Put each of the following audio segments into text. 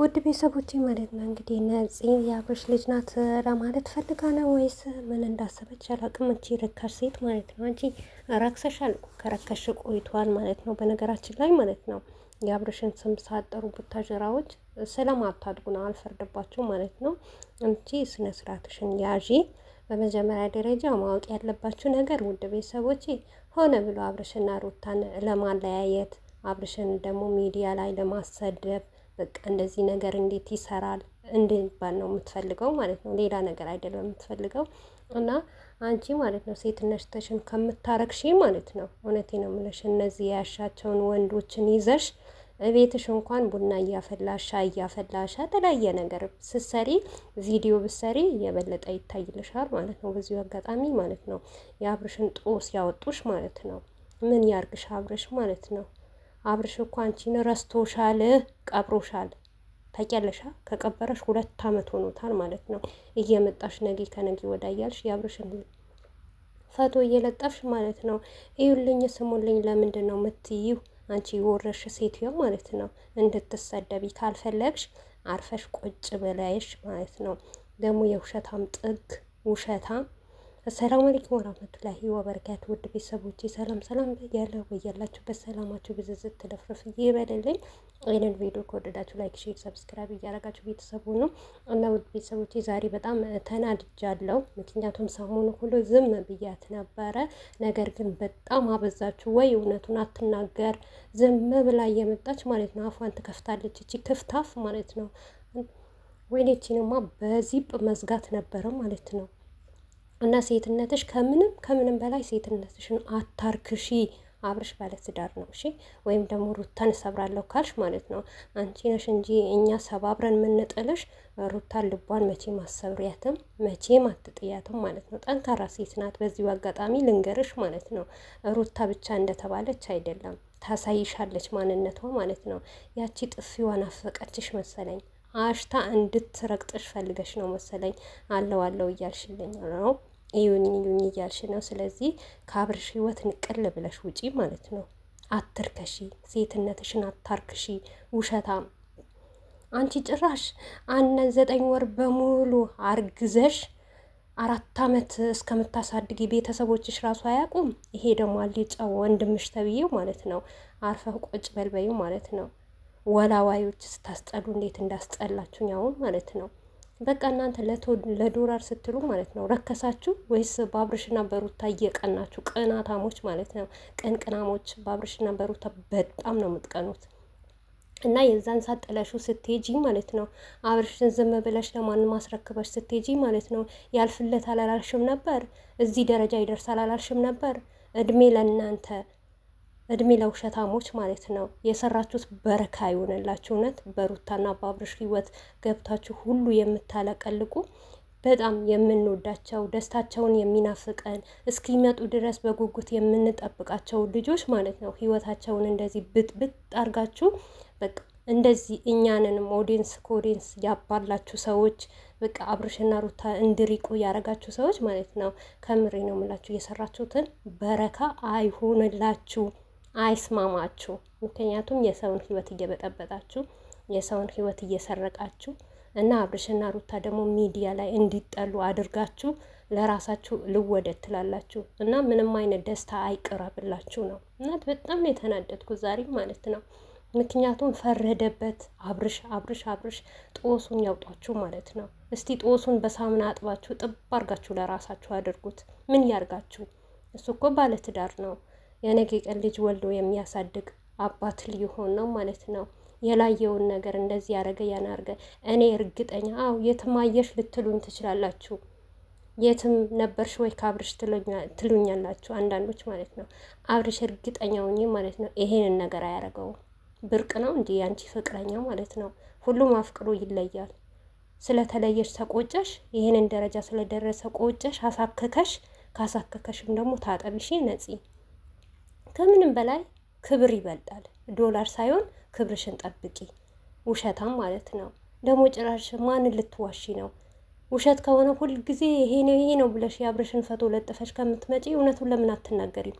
ውድ ቤተሰቦች ማለት ነው እንግዲህ ነፂ የአብርሽ ልጅ ናት ለማለት ፈልጋ ነው ወይስ ምን እንዳሰበች አላውቅም። አንቺ ረካሽ ሴት ማለት ነው አንቺ ረክሰሻል፣ ከረከሽ ቆይቷል ማለት ነው። በነገራችን ላይ ማለት ነው የአብርሽን ስም ሳጠሩ ቡታጀራዎች ስለማታድጉ ነው አልፈርድባቸው ማለት ነው። አንቺ ስነ ስርዓትሽን ያዢ። በመጀመሪያ ደረጃ ማወቅ ያለባችሁ ነገር ውድ ቤተሰቦች ሆነ ብሎ አብርሽና ሩታን ለማለያየት አብርሽን ደግሞ ሚዲያ ላይ ለማሰደብ በቃ እንደዚህ ነገር እንዴት ይሰራል እንድንባል ነው የምትፈልገው ማለት ነው። ሌላ ነገር አይደለም የምትፈልገው እና አንቺ ማለት ነው ሴትነሽተሽን ከምታረክሺ ማለት ነው እውነቴ ነው ምለሽ እነዚህ ያሻቸውን ወንዶችን ይዘሽ ቤትሽ እንኳን ቡና እያፈላሻ እያፈላሻ እያፈላሽ የተለያየ ነገር ስሰሪ ቪዲዮ ብሰሪ የበለጠ ይታይልሻል ማለት ነው። በዚሁ አጋጣሚ ማለት ነው የአብርሽን ጦስ ያወጡሽ ማለት ነው። ምን ያርግሽ አብርሽ ማለት ነው። አብርሽ እኮ አንቺን ረስቶሻል፣ ቀብሮሻል። ታውቂያለሽ፣ ከቀበረሽ ሁለት ዓመት ሆኖታል ማለት ነው። እየመጣሽ ነገ ከነገ ወዳ እያልሽ የአብርሽን ፈቶ እየለጠፍሽ ማለት ነው። እዩልኝ፣ ስሙልኝ፣ ለምንድን ነው የምትይው? አንቺ የወረሽ ሴትዮ ማለት ነው። እንድትሰደቢ ካልፈለግሽ አርፈሽ ቁጭ በላይሽ ማለት ነው። ደግሞ የውሸታም ጥግ ውሸታም አሰላሙ አለይኩም ወራህመቱላሂ ወበረካቱ ውድ ቤተሰቦቼ ሰላም ሰላም ያለው በያላችሁበት ሰላማችሁ ብዝዝት ትለፍፍ ይበልልኝ። ይህንን ቪዲዮ ከወደዳችሁ ላይክ፣ ሼር፣ ሰብስክራይብ እያደረጋችሁ ቤተሰቡ ነው እና ውድ ቤተሰቦቼ ዛሬ በጣም ተናድጃለሁ። ምክንያቱም ሰሞኑ ሁሉ ዝም ብያት ነበረ። ነገር ግን በጣም አበዛችሁ ወይ እውነቱን አትናገር ዝም ብላ እየመጣች ማለት ነው አፏን ትከፍታለች። እቺ ክፍታፍ ማለት ነው። ወይኔ እቺንማ በዚብ መዝጋት ነበረ ማለት ነው። እና ሴትነትሽ ከምንም ከምንም በላይ ሴትነትሽን አታርክሺ። አብርሽ ባለትዳር ነው እሺ። ወይም ደግሞ ሩታን እሰብራለሁ ካልሽ ማለት ነው አንቺ ነሽ እንጂ እኛ ሰባብረን የምንጥልሽ። ሩታን ልቧን መቼም አሰብሪያትም፣ መቼም አትጥያትም ማለት ነው። ጠንካራ ሴት ናት። በዚሁ አጋጣሚ ልንገርሽ ማለት ነው ሩታ ብቻ እንደተባለች አይደለም፣ ታሳይሻለች ማንነቷ ማለት ነው። ያቺ ጥፊዋን አፈቀችሽ መሰለኝ፣ አሽታ እንድትረግጥሽ ፈልገሽ ነው መሰለኝ። አለው አለው እያልሽልኝ ነው ይሁን ይሁን እያልሽ ነው። ስለዚህ ከአብርሽ ህይወት ንቅል ብለሽ ውጪ ማለት ነው። አትርከሺ፣ ሴትነትሽን አታርክሺ። ውሸታም አንቺ ጭራሽ አነ ዘጠኝ ወር በሙሉ አርግዘሽ አራት አመት እስከምታሳድጊ ቤተሰቦችሽ ራሱ አያውቁም። ይሄ ደግሞ አልጫው ወንድምሽ ተብዬው ማለት ነው። አርፈህ ቆጭ በልበዩ ማለት ነው። ወላዋዮች ስታስጠሉ እንዴት እንዳስጠላችሁኝ አሁን ማለት ነው። በቃ እናንተ ለዶላር ስትሉ ማለት ነው ረከሳችሁ ወይስ በአብርሽና በሩታ እየቀናችሁ? ቅናታሞች ማለት ነው። ቅን ቅናሞች በአብርሽና በሩታ በጣም ነው የምትቀኑት። እና የዛን ሰዓት ጥለሹ ስትሄጂ ማለት ነው አብርሽን ዝም ብለሽ ለማንም አስረክበሽ ስትሄጂ ማለት ነው ያልፍለት አላላልሽም ነበር። እዚህ ደረጃ ይደርሳል አላልሽም ነበር። እድሜ ለእናንተ እድሜ ለውሸታሞች ማለት ነው። የሰራችሁት በረካ ይሆንላችሁ። እውነት በሩታና በአብርሽ ህይወት ገብታችሁ ሁሉ የምታለቀልቁ በጣም የምንወዳቸው ደስታቸውን የሚናፍቀን እስኪመጡ ድረስ በጉጉት የምንጠብቃቸው ልጆች ማለት ነው። ህይወታቸውን እንደዚህ ብጥብጥ አርጋችሁ በቃ እንደዚህ እኛንንም ኦዲንስ ከኦዲንስ ያባላችሁ ሰዎች በቃ አብርሽና ሩታ እንድሪቁ ያረጋችሁ ሰዎች ማለት ነው። ከምሬ ነው የምላችሁ። የሰራችሁትን በረካ አይሆንላችሁ። አይስማማችሁ። ምክንያቱም የሰውን ህይወት እየበጠበጣችሁ የሰውን ህይወት እየሰረቃችሁ እና አብርሽና ሩታ ደግሞ ሚዲያ ላይ እንዲጠሉ አድርጋችሁ ለራሳችሁ ልወደድ ትላላችሁ እና ምንም አይነት ደስታ አይቀረብላችሁ ነው። እናት በጣም የተናደድኩ ዛሬ ማለት ነው። ምክንያቱም ፈረደበት። አብርሽ አብርሽ አብርሽ ጦሱን ያውጧችሁ ማለት ነው። እስቲ ጦሱን በሳሙና አጥባችሁ ጥብ አርጋችሁ ለራሳችሁ አድርጉት። ምን ያርጋችሁ? እሱ እኮ ባለትዳር ነው። የነገ ቀን ልጅ ወልዶ የሚያሳድግ አባት ሊሆን ነው ማለት ነው። የላየውን ነገር እንደዚህ ያደረገ ያናርገ እኔ እርግጠኛ አው የትማየሽ ልትሉኝ ትችላላችሁ። የትም ነበርሽ ወይ ከአብርሽ ትሉኛላችሁ አንዳንዶች ማለት ነው። አብርሽ እርግጠኛ ሁኚ ማለት ነው ይሄንን ነገር አያደርገውም። ብርቅ ነው እንዲ ያንቺ ፍቅረኛ ማለት ነው። ሁሉም አፍቅሮ ይለያል። ስለተለየሽ ተቆጨሽ፣ ይሄንን ደረጃ ስለደረሰ ቆጨሽ፣ አሳከከሽ። ካሳከከሽም ደግሞ ታጠቢሽ ነፂ ከምንም በላይ ክብር ይበልጣል። ዶላር ሳይሆን ክብርሽን ጠብቂ። ውሸታም ማለት ነው። ደግሞ ጭራሽ ማንን ልትዋሺ ነው? ውሸት ከሆነ ሁልጊዜ ይሄ ነው ይሄ ነው ብለሽ የአብርሽን ፈቶ ለጥፈሽ ከምትመጪ እውነቱን ለምን አትናገሪም?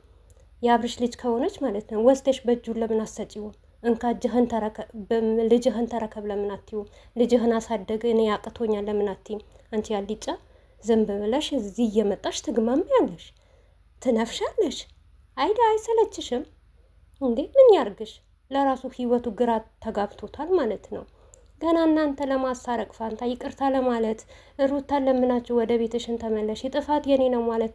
የአብርሽ ልጅ ከሆነች ማለት ነው ወስደሽ በእጁን ለምን አትሰጪውም? እንካ ልጅህን ተረከብ ለምን አትይውም? ልጅህን አሳደግ እኔ ያቅቶኛል ለምን አትይም? አንቺ ያልጫ ዝም ብለሽ እዚህ እየመጣሽ ትግማማ ያለሽ ትነፍሻለሽ። አይዳ አይሰለችሽም እንዴ? ምን ያርግሽ? ለራሱ ህይወቱ ግራ ተጋብቶታል ማለት ነው። ገና እናንተ ለማሳረቅ ፋንታ ይቅርታ ለማለት ሩታን ለምናችሁ ወደ ቤትሽን ተመለሽ የጥፋት የኔ ነው ማለት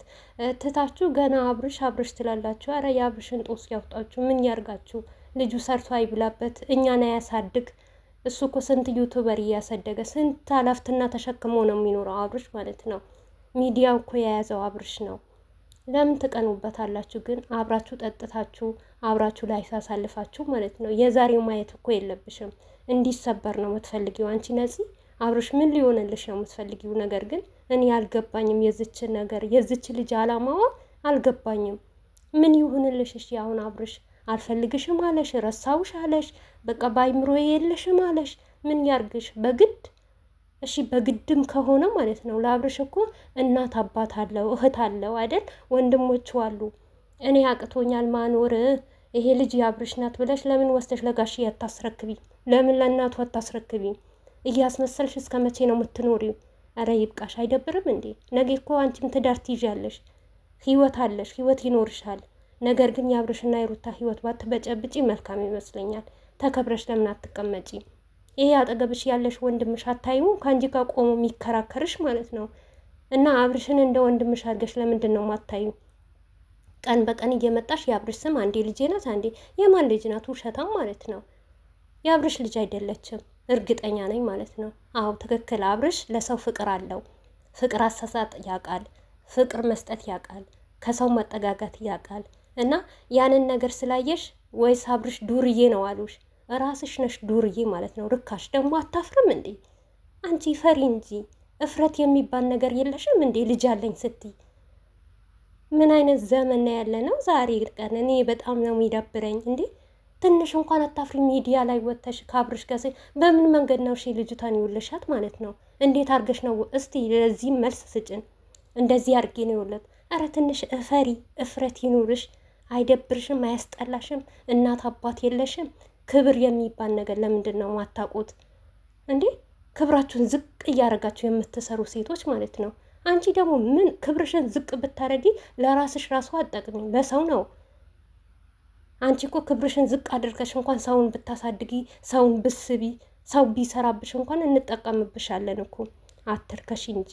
ትታችሁ ገና አብርሽ አብርሽ ትላላችሁ። አረ የአብርሽን ጦስ ያውጣችሁ። ምን ያርጋችሁ? ልጁ ሰርቶ አይብላበት፣ እኛን አያሳድግ። እሱ እኮ ስንት ዩቱበር እያሰደገ ስንት አላፍትና ተሸክሞ ነው የሚኖረው አብርሽ ማለት ነው። ሚዲያው እኮ የያዘው አብርሽ ነው። ለምን ትቀኑበታላችሁ? ግን አብራችሁ ጠጥታችሁ አብራችሁ ላይ ሳሳልፋችሁ ማለት ነው። የዛሬው ማየት እኮ የለብሽም። እንዲሰበር ነው የምትፈልጊው አንቺ ነፂ። አብሮሽ ምን ሊሆንልሽ ነው የምትፈልጊው ነገር? ግን እኔ አልገባኝም። የዝች ነገር የዝች ልጅ አላማዋ አልገባኝም። ምን ይሁንልሽ? እሺ አሁን አብርሽ አልፈልግሽም አለሽ፣ ረሳውሽ አለሽ፣ በቃ ባይምሮ የለሽም አለሽ። ምን ያርግሽ በግድ እሺ በግድም ከሆነ ማለት ነው። ለአብርሽ እኮ እናት አባት አለው፣ እህት አለው አይደል? ወንድሞቹ አሉ። እኔ አቅቶኛል ማኖር ይሄ ልጅ የአብርሽ ናት ብለሽ ለምን ወስደሽ ለጋሽ አታስረክቢ? ለምን ለእናቱ አታስረክቢ? እያስመሰልሽ እስከ መቼ ነው የምትኖሪ አረ ይብቃሽ። አይደብርም እንዴ? ነገ እኮ አንቺም ትዳር ትይዣለሽ፣ ህይወት አለሽ፣ ህይወት ይኖርሻል። ነገር ግን የአብርሽና የሩታ ህይወት ባትበጨብጪ መልካም ይመስለኛል። ተከብረሽ ለምን አትቀመጪ? ይሄ አጠገብሽ ያለሽ ወንድምሽ አታዩ ከአንቺ ጋር ቆሞ የሚከራከርሽ ማለት ነው። እና አብርሽን እንደ ወንድምሽ አድርገሽ ለምንድን ነው ማታዩ? ቀን በቀን እየመጣሽ የአብርሽ ስም አንዴ ልጄ ናት፣ አንዴ የማን ልጅ ናት? ውሸታም ማለት ነው። የአብርሽ ልጅ አይደለችም፣ እርግጠኛ ነኝ ማለት ነው። አዎ ትክክል። አብርሽ ለሰው ፍቅር አለው። ፍቅር አሳሳጥ ያውቃል፣ ፍቅር መስጠት ያውቃል፣ ከሰው መጠጋጋት ያውቃል። እና ያንን ነገር ስላየሽ ወይስ አብርሽ ዱርዬ ነው አሉሽ? ራስሽ ነሽ ዱርዬ ማለት ነው። ርካሽ ደግሞ አታፍርም እንዴ አንቺ ፈሪ እንጂ እፍረት የሚባል ነገር የለሽም እንዴ ልጅ አለኝ ስትይ ምን አይነት ዘመን ያለ ነው ዛሬ ቀን። እኔ በጣም ነው የሚደብረኝ እንዴ ትንሽ እንኳን አታፍሪ። ሚዲያ ላይ ወጥተሽ ካብርሽ ከሴ በምን መንገድ ነው ሺ ልጅቷን ይውልሻት ማለት ነው? እንዴት አርገሽ ነው እስቲ ለዚህ መልስ ስጭን። እንደዚህ አድርጌ ነው ይውለት። አረ ትንሽ እፈሪ እፍረት ይኑርሽ። አይደብርሽም? አያስጠላሽም? እናት አባት የለሽም? ክብር የሚባል ነገር ለምንድን ነው ማታውቁት እንዴ? ክብራችሁን ዝቅ እያደረጋችሁ የምትሰሩ ሴቶች ማለት ነው። አንቺ ደግሞ ምን ክብርሽን ዝቅ ብታደረጊ ለራስሽ ራሱ አጠቅሚ ለሰው ነው። አንቺ እኮ ክብርሽን ዝቅ አድርገሽ እንኳን ሰውን ብታሳድጊ፣ ሰውን ብስቢ፣ ሰው ቢሰራብሽ እንኳን እንጠቀምብሻለን እኮ አትርከሽ እንጂ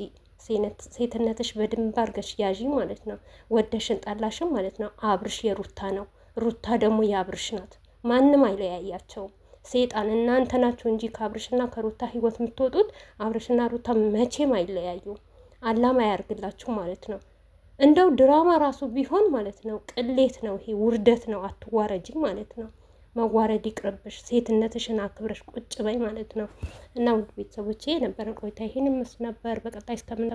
ሴትነትሽ በድንብ አድርገሽ ያዢ ማለት ነው። ወደሽን ጠላሽም ማለት ነው አብርሽ የሩታ ነው፣ ሩታ ደግሞ የአብርሽ ናት። ማንም አይለያያቸውም። ሴጣን እናንተ ናችሁ እንጂ ከአብርሽና ከሩታ ህይወት የምትወጡት አብርሽና ሩታ መቼም አይለያዩም። አላማ ያርግላችሁ ማለት ነው። እንደው ድራማ ራሱ ቢሆን ማለት ነው ቅሌት ነው፣ ይሄ ውርደት ነው። አትዋረጂ ማለት ነው። መዋረድ ይቅርብሽ፣ ሴትነትሽን አክብረሽ ቁጭ በይ ማለት ነው። እና ውድ ቤተሰቦቼ የነበረን ቆይታ ይህን ምስ ነበር። በቀጣይ እስከምን